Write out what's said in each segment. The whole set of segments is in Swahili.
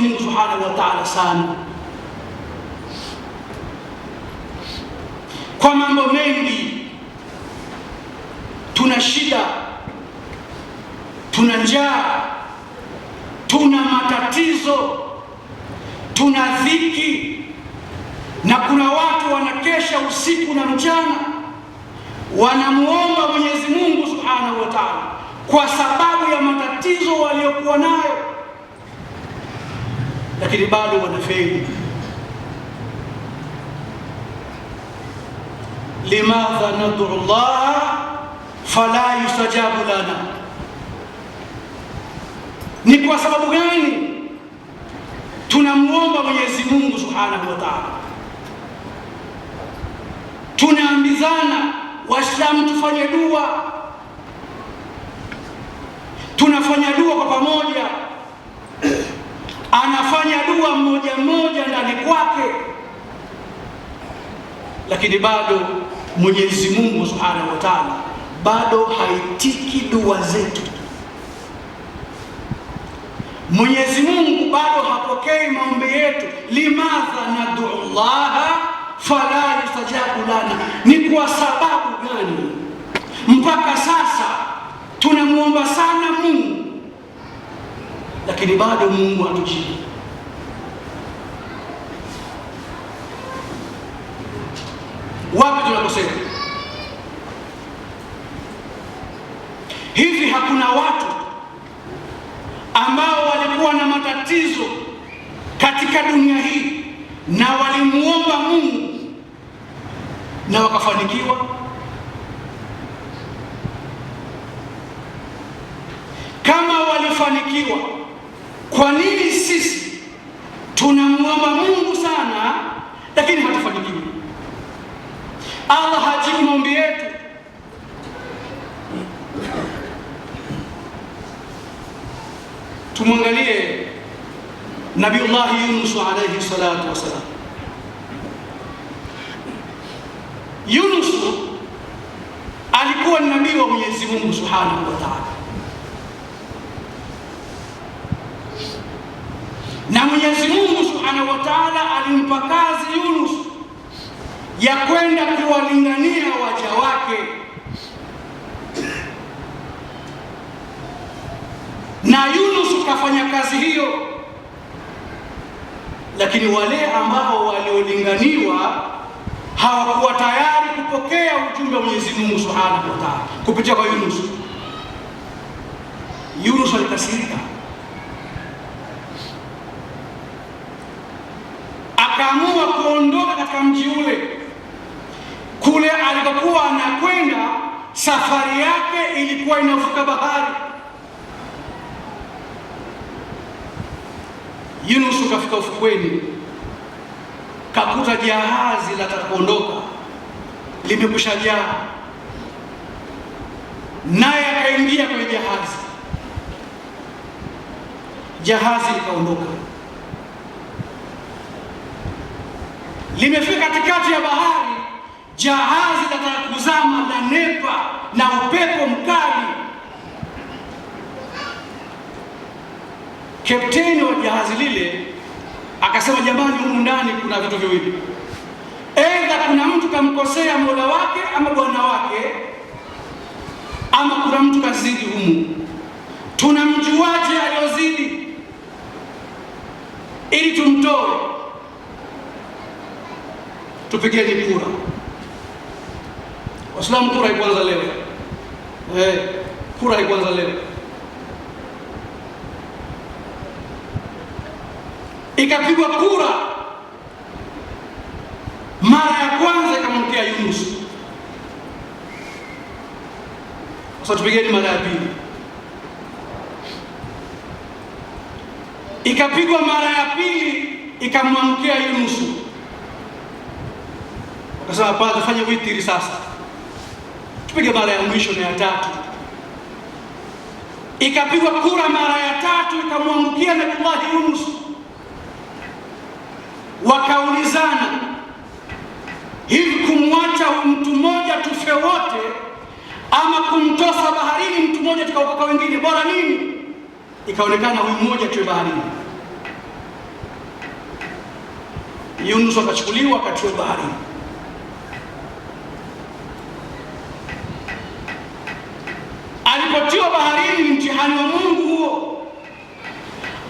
Mungu subhanahu wa taala sana kwa mambo mengi. Tuna shida, tuna njaa, tuna matatizo, tuna dhiki, na kuna watu wanakesha usiku na mchana wanamuomba Mwenyezi Mungu subhanahu wa taala kwa sababu ya matatizo waliokuwa nayo lakini bado wanafeli. Limadha nadu llaha fala yustajabu lana, ni kwa sababu gani tunamwomba Mwenyezi Mungu subhanahu wa taala? Tunaambizana Waislamu tufanye dua, tunafanya dua kwa pamoja anafanya dua mmoja mmoja ndani kwake, lakini bado Mwenyezi Mungu Subhanahu wa Ta'ala bado haitiki dua zetu. Mwenyezi Mungu bado hapokei maombi yetu. limadha nadu llaha fala yustajabu lana, ni kwa sababu gani mpaka sasa tunamwomba sana Mungu lakini bado Mungu hatujibu. Wapi tunakosema? Hivi hakuna watu ambao walikuwa na matatizo katika dunia hii na walimuomba Mungu na wakafanikiwa? Kama walifanikiwa kwa nini sisi tunamwomba Mungu sana lakini hatufanikiwi? Allah hajibu maombi yetu. Tumwangalie Nabiullahi Yunus alayhi salatu wasalam. Yunus alikuwa ni nabii wa Mwenyezi Mungu subhanahu wa taala na Mwenyezi Mungu Subhanahu wa Ta'ala alimpa kazi Yunus ya kwenda kuwalingania waja wake, na Yunus kafanya kazi hiyo, lakini wale ambao waliolinganiwa hawakuwa tayari kupokea ujumbe wa Mwenyezi Mungu Subhanahu wa Ta'ala kupitia kwa Yunus. Yunus alikasirika mji ule. Kule alipokuwa anakwenda, safari yake ilikuwa inavuka bahari. Yunus kafika ufukweni, kakuta jahazi la kuondoka, limekusha jaa, naye akaingia kwenye jahazi, jahazi likaondoka. limefika katikati ya bahari, jahazi linataka kuzama na nepa na upepo mkali. Kapteni wa jahazi lile akasema, jamani, humu ndani kuna vitu viwili, aidha kuna mtu kamkosea Mola wake ama bwana wake, ama kuna mtu kazidi humu. Tunamjuaje aliyozidi ili tumtoe? tupigeni kura. Waislamu, kura ikwanza leo eh, kura ikwanza leo. Ikapigwa kura mara ya kwanza ikamwangukia Yunus. Sasa tupigeni mara ya pili. Ikapigwa mara ya pili ikamwangukia Yunus akasema padre, fanya witiri sasa, tupige mara ya mwisho na ya tatu. Ikapigwa kura mara ya tatu, ikamwangukia Nabiullahi Yunus. Wakaulizana, hivi kumwacha mtu mmoja tufe wote ama kumtosa baharini mtu mmoja tukaokoka wengine, bora nini? Ikaonekana huyu mmoja tuwe baharini. Yunus akachukuliwa akatiwa baharini. baharini mtihani wa Mungu huo.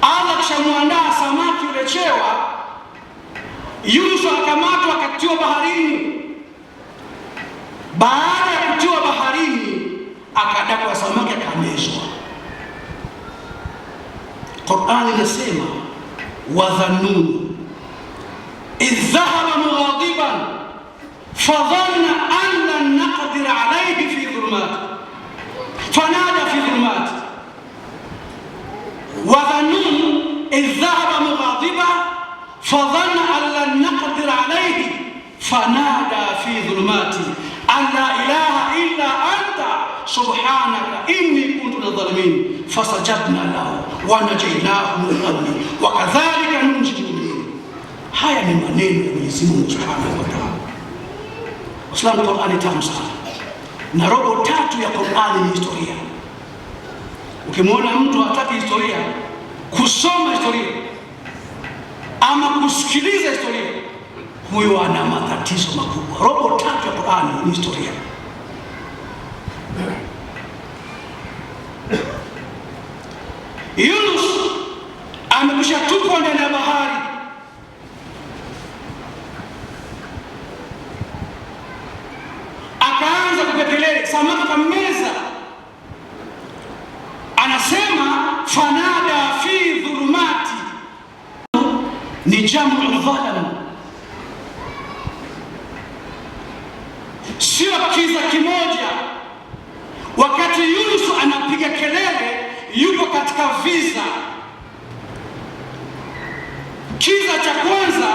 Allah akishamwandaa samaki ulechewa chewa, akamatwa akatiwa baharini. Baada ya kutiwa baharini, akadakwa samaki akameshwa Qur'ani inasema wadhanun idhahaba mughadiban fadhanna an lan naqdir alayhi fi dhulumati فنادى في الظلمات وظنون إذ ذهب مغاضبا فظن أن لن نقدر عليه فنادى في ظلماته أن لا إله إلا أنت سبحانك إني كنت من الظالمين فسجدنا له ونجيناه من الغم وكذلك ننجي المؤمنين هاي من منين ya سبحانه وتعالى اسلام القران Ta'ala. na robo tatu ya Qur'ani ni historia. Ukimwona mtu hataki historia, kusoma historia ama kusikiliza historia, huyo ana matatizo makubwa. Robo tatu ya Qur'ani ni historia. Kiza cha kwanza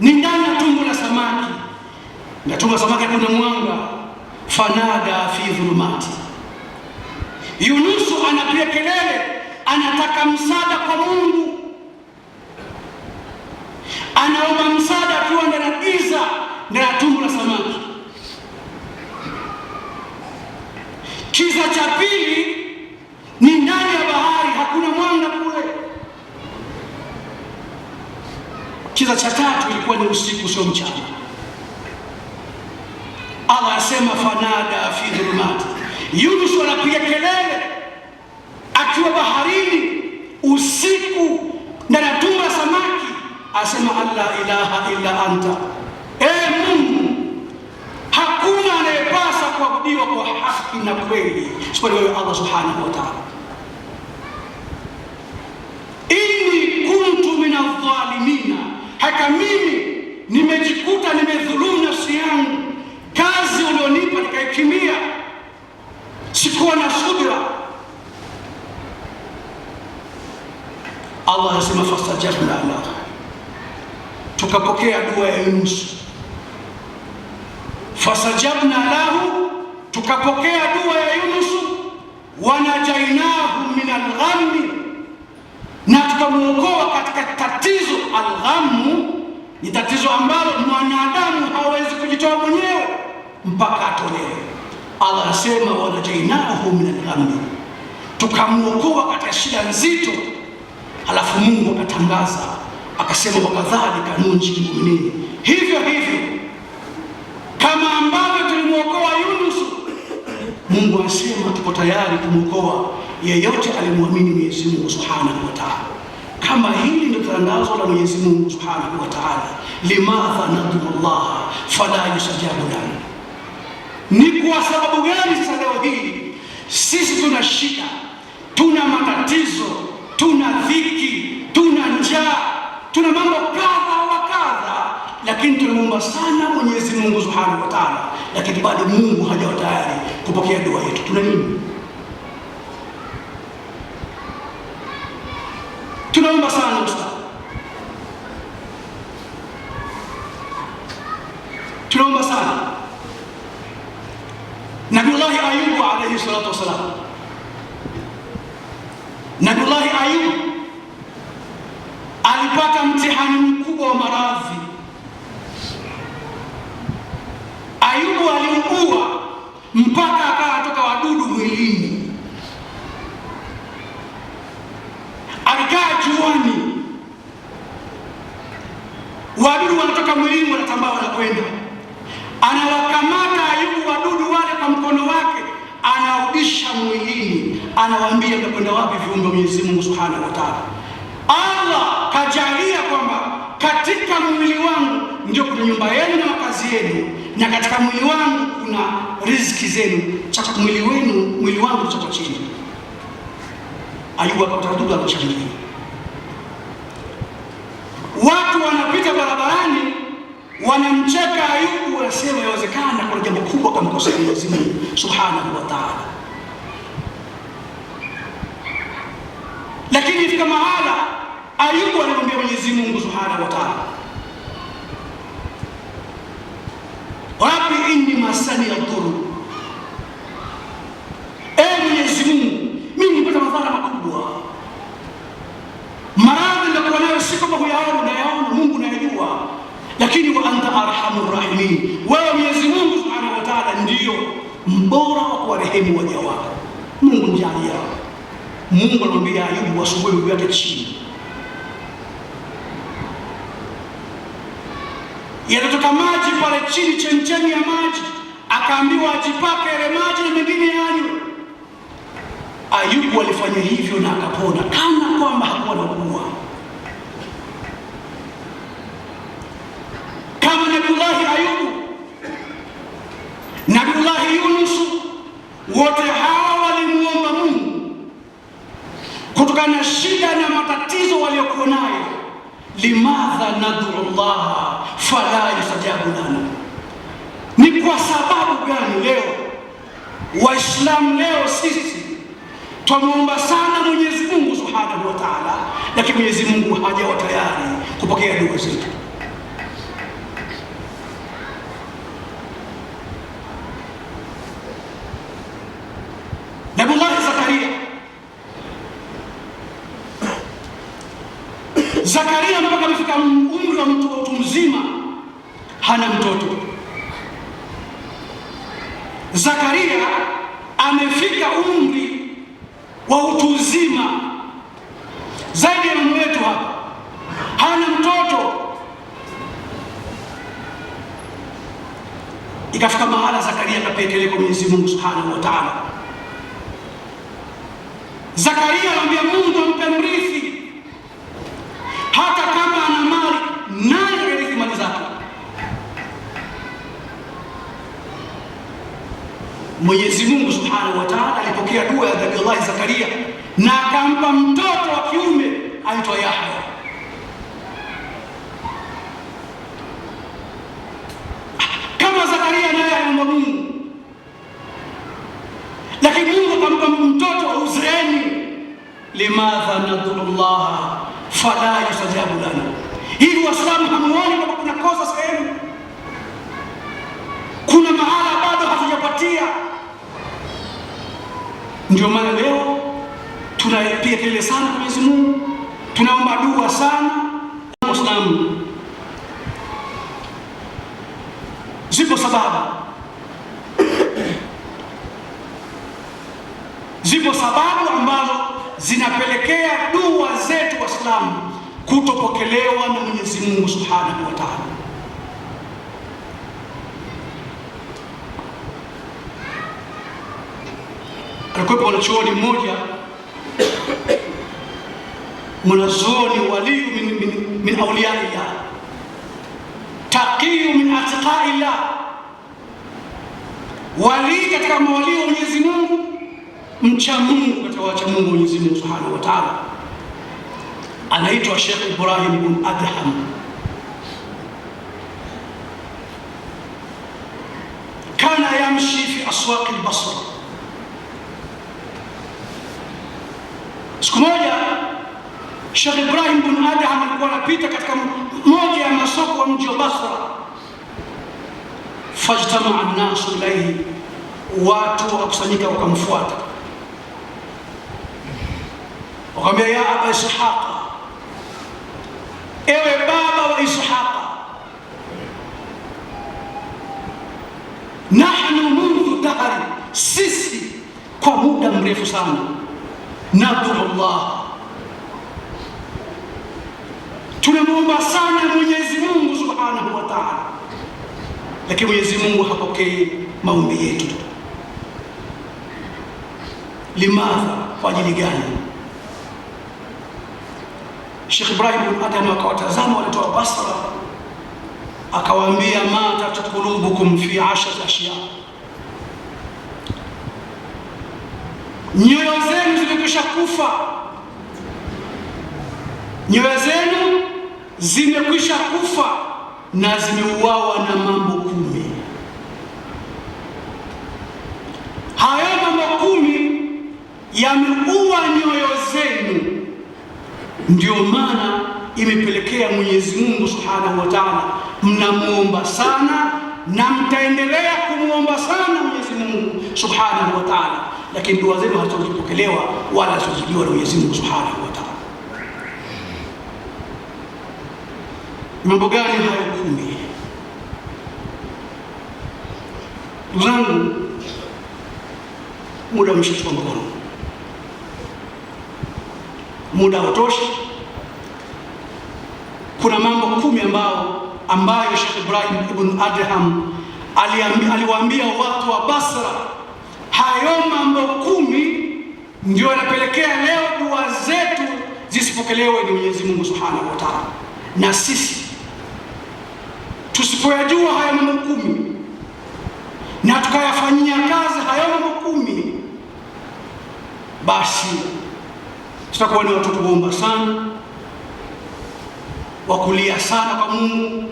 ni ndani ya tumbo la samaki, na tumbo la samaki kuna mwanga. Fanada fi dhulumati, Yunusu anapiga kelele, anataka msaada kwa Mungu, anaomba msaada akiwa ndani ya giza, na ya tumbo la samaki. Kiza cha pili ni ndani ya bahari, hakuna mwanga Kiza cha tatu ilikuwa ni usiku, sio mchana. Allah asema fanada fi dhulumati, Yunus anapiga kelele akiwa baharini usiku na natuma samaki, asema alla ilaha illa anta, e Mungu, hakuna anayepasa kuabudiwa kwa haki na kweli isipokuwa wewe Allah subhanahu wa ta'ala. Inni kuntu adh dhalimin hata mimi nimejikuta nimedhulumu nafsi yangu. Kazi ulionipa nikaikimbia, sikuwa na subira. Allah anasema fastajabna lahu, tukapokea dua ya Yunus. Fastajabna lahu, tukapokea dua ya Yunus, wanajainahu min alghammi na tukamwokoa katika tatizo. Alghamu ni tatizo ambalo mwanadamu hawezi kujitoa mwenyewe mpaka atolewe. Allah asema wanajainahu min alghammi, tukamwokoa katika shida nzito. Alafu Mungu akatangaza akasema, wakadhalika nunji muminini, hivyo hivyo kama ambavyo tulimwokoa Yunus, Mungu asema tuko tayari kumwokoa yeyote alimwamini Mwenyezi Mungu Subhanahu wa Ta'ala. Kama hili ndio tangazo la Mwenyezi Mungu Subhanahu wa Ta'ala, limadha nadhuru Allah fala yusajabu lahu, ni kwa sababu gani sasa leo hili sisi tuna shida, tuna matatizo, tuna dhiki, tuna njaa, tuna mambo kadha wa kadha, lakini tunamuomba sana Mwenyezi Mungu Subhanahu wa Ta'ala, lakini bado Mungu hajawa tayari kupokea dua yetu. Tuna nini? Tunaomba sana tunaomba sana. Nabiyullahi Ayubu alayhi salatu wassalam, Nabiyullahi Ayubu alipata mtihani mkubwa wa maradhi. Ayubu aliugua mpaka wadudu wanatoka mwilini, wanatambaa, wanakwenda. Anawakamata Ayubu wadudu wale kwa mkono wake, anarudisha mwilini, anawaambia mnakwenda wapi viumbe Mwenyezi Mungu Subhanahu wa Ta'ala. Allah kajalia kwamba katika mwili wangu ndio kuna nyumba yenu na makazi yenu, na katika mwili wangu kuna riziki zenu, mwili wenu, mwili wangu chako chini. Ayubu akapata wadudu, anarudisha Watu wanapita barabarani wanamcheka Ayubu, wanasema yawezekana kuna jambo kubwa kamkosa Mwenyezi Mungu Subhanahu wa Ta'ala. Lakini ifika mahala Ayubu anamwambia Mwenyezi Mungu Subhanahu wa Ta'ala, wapi indi masani dhuru kwake mmoja wao. Mungu mjalia. Mungu anamwambia Ayubu asubuhi miguu yake chini. Yanatoka maji pale chini, chemchemi ya maji, akaambiwa ajipake ile maji na mengine yanywe. Ayubu alifanya hivyo na akapona, kana kwamba hakuwa nakuwa kama Nabiullahi Ayubu, Nabiullahi wote hawa walimuomba Mungu kutokana na shida na matatizo waliokuwa nayo. Limadha nadhuru llaha fala yustajabu lana, ni kwa sababu gani leo Waislamu leo sisi twamwomba sana Mwenyezi Mungu subhanahu wa taala, lakini Mwenyezi Mungu hajawa tayari kupokea dua zetu. Zakaria mpaka amefika umri wa mtu mzima hana mtoto. Zakaria amefika umri wa utu uzima zaidi ya mwetu hapa, hana mtoto. Ikafika mahala Zakaria akapelekwa kwa Mwenyezi Mungu Subhanahu wa Ta'ala. Zakaria anamwambia Mungu ampe mrithi hata kama ana mali, naye anarithi mali zake? Mwenyezi Mungu Subhanahu wa Ta'ala alipokea dua ya Nabii Zakaria na akampa mtoto wa kiume aitwa Yahya. Kama Zakaria naye alimwomba Mungu, lakini Mungu akampa mtoto wa Uzreni limadha fadaa yustajabu lana. Hivi Waislamu hamuoni kwamba kuna kosa sehemu, kuna mahala bado hatujapatia? Ndio maana leo tunapiga kelele sana kwa Mwenyezi Mungu, tunaomba dua sana. Waislamu, zipo sababu, zipo sababu ambazo zinapelekea dua Waislamu kutopokelewa na Mwenyezi Mungu Subhanahu wa Ta'ala. Alikuwepo mwanachuoni mmoja, mwanazuoni waliyu min, min, min auliya taqiyu min atqai walii katika mawalii wa Mwenyezi Mungu, mcha Mungu katika wacha Mungu Mwenyezi Mungu Subhanahu wa Ta'ala anaitwa Sheikh Ibrahim bin Adham. Kana yamshi fi aswaq al-Basra. Siku moja Sheikh Ibrahim bin Adham alikuwa anapita katika moja ya masoko ya mji wa Basra. Fajtamaa an-nasu ilayhi, watu wakusanyika wakamfuata, wakamwambia ya Aba Ishaqa nahnu mundu dahari, sisi kwa muda mrefu sana nadhuru llah, tunamuomba sana Mwenyezi Mungu subhanahu wa taala, lakini Mwenyezi Mungu hapokei maombi yetu. Limadha, kwa ajili gani? Sheikh Ibrahim Adam akawatazama walitoa basara akawaambia ma qulubukum fi ashrati ashya, nyoyo zenu zimekwisha kufa, nyoyo zenu zimekwisha kufa na zimeuawa na mambo kumi. Hayo mambo kumi yameua nyoyo zenu, ndio maana imepelekea Mwenyezi Mungu Subhanahu wa Ta'ala mnamuomba sana na mtaendelea kumwomba sana Mwenyezi Mungu Subhanahu wa Ta'ala, lakini dua zenu hazitopokelewa wala hazijibiwa na Mwenyezi Mungu Subhanahu wa Ta'ala. Mambo gani hayo kumi? Ndugu zangu, muda umeshachukua mkono, muda hautoshi. Kuna mambo kumi ambao ambayo Sheikh Ibrahim ibn Adham aliwaambia watu wa Basra. Hayo mambo kumi ndio yanapelekea leo dua zetu zisipokelewe ni Mwenyezi Mungu Subhanahu wa Ta'ala, na sisi tusipoyajua hayo mambo kumi na tukayafanyia kazi hayo mambo kumi, basi tutakuwa ni watu kuomba sana wakulia sana kwa Mungu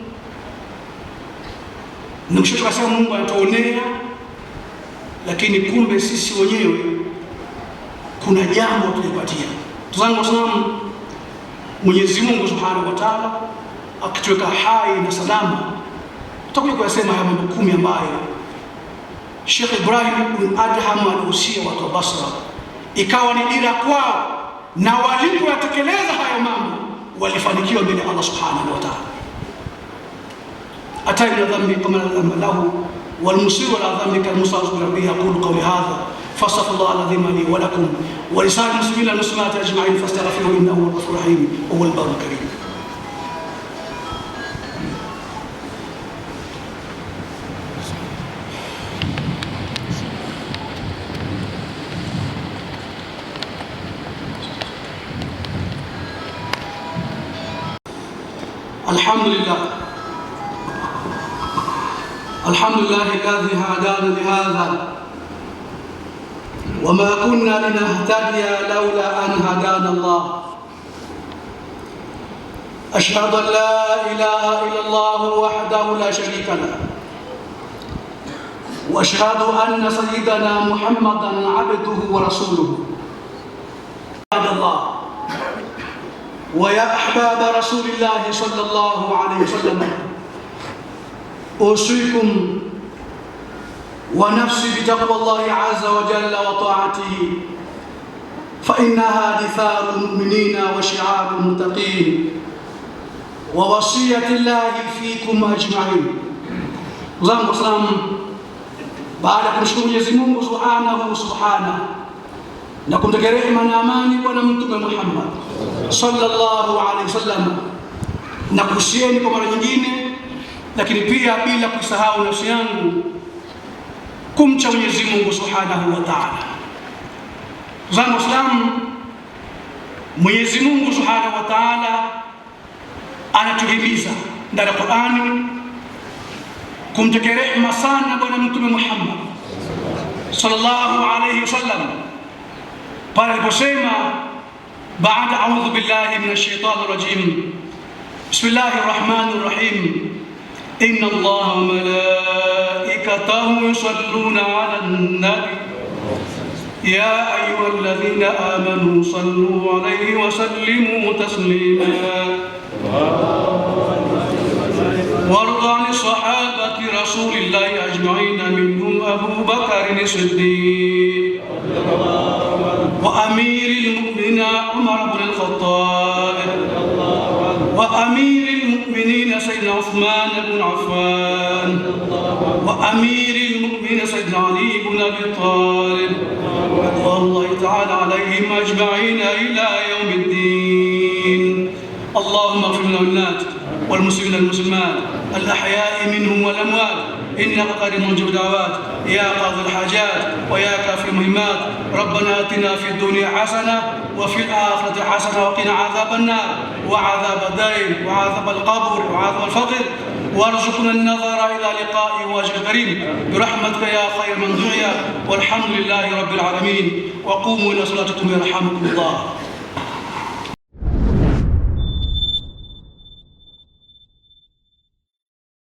Mwisho tukasema Mungu anatuonea, lakini kumbe sisi wenyewe kuna jambo tulipatia. Tuzangu Waislamu, Mwenyezi Mungu Subhanahu wa Ta'ala akituweka hai na salama, tutakuja kuyasema haya mambo kumi ambayo Sheikh Ibrahim bin Adham alihusia watu wa Basra, ikawa ni dira kwao, na walipoyatekeleza hayo mambo walifanikiwa mbele ya Allah Subhanahu wa Ta'ala. أتينا ذنبي كما له والمصير على ذنبك المصاب بربي يقول قولي هذا فاستغفر الله العظيم لي ولكم ولسائر المسلمين المسلمات أجمعين فاستغفروه إنه هو الغفور الرحيم هو البر الكريم الحمد لله الحمد لله الذي هدانا لهذا وما كنا لنهتدي لولا أن هدانا الله أشهد أن لا إله إلا الله وحده لا شريك له وأشهد أن سيدنا محمدا عبده ورسوله عبد الله ويا أحباب رسول الله صلى الله عليه وسلم أوصيكم ونفسي بتقوى الله عز وجل وطاعته فإنها دثار المؤمنين وشعار المتقين ووصية الله فيكم أجمعين zangu Waislamu, baada ya kumshukuru Mwenyezi Mungu subhanahu subhana na kumtakia rehema na amani Bwana Mtume Muhammad sallallahu alaihi wasallam, na kusieni kwa mara nyingine lakini pia bila kusahau nafsi yangu kumcha Mwenyezi Mungu Subhanahu wa Ta'ala. Zangu Waislamu, Mwenyezi Mungu Subhanahu wa Ta'ala anatuhimiza ndani ya Qur'ani kumtekea rehema sana Bwana Mtume Muhammad sallallahu alayhi wasallam pale aliposema baada, a'udhu billahi minash shaitani rajim, bismillahir rahmanir rahim إن الله ملائكته يصلون على النبي يا أيها الذين آمنوا صلوا عليه وسلموا تسليما وارض عن صحابة رسول الله أجمعين منهم أبو بكر الصديق وأمير المؤمنين عمر بن الخطاب وأمير المؤمنين سيدنا عثمان بن عفان وأمير المؤمنين سيدنا علي بن أبي طالب ورضوان الله تعالى عليهم أجمعين إلى يوم الدين اللهم اغفر لنا والمسلمين المسلمات الأحياء منهم والأموات إنك قريب مجيب دعوات يا قاضي الحاجات ويا كافي المهمات ربنا آتنا في الدنيا حسنة وفي الآخرة حسنة وقنا عذاب النار وعذاب الدين وعذاب القبر وعذاب الفقر وارزقنا النظر إلى لقاء وجه كريم برحمتك يا خير من دعي والحمد لله رب العالمين وقوموا إلى صلاتكم يرحمكم الله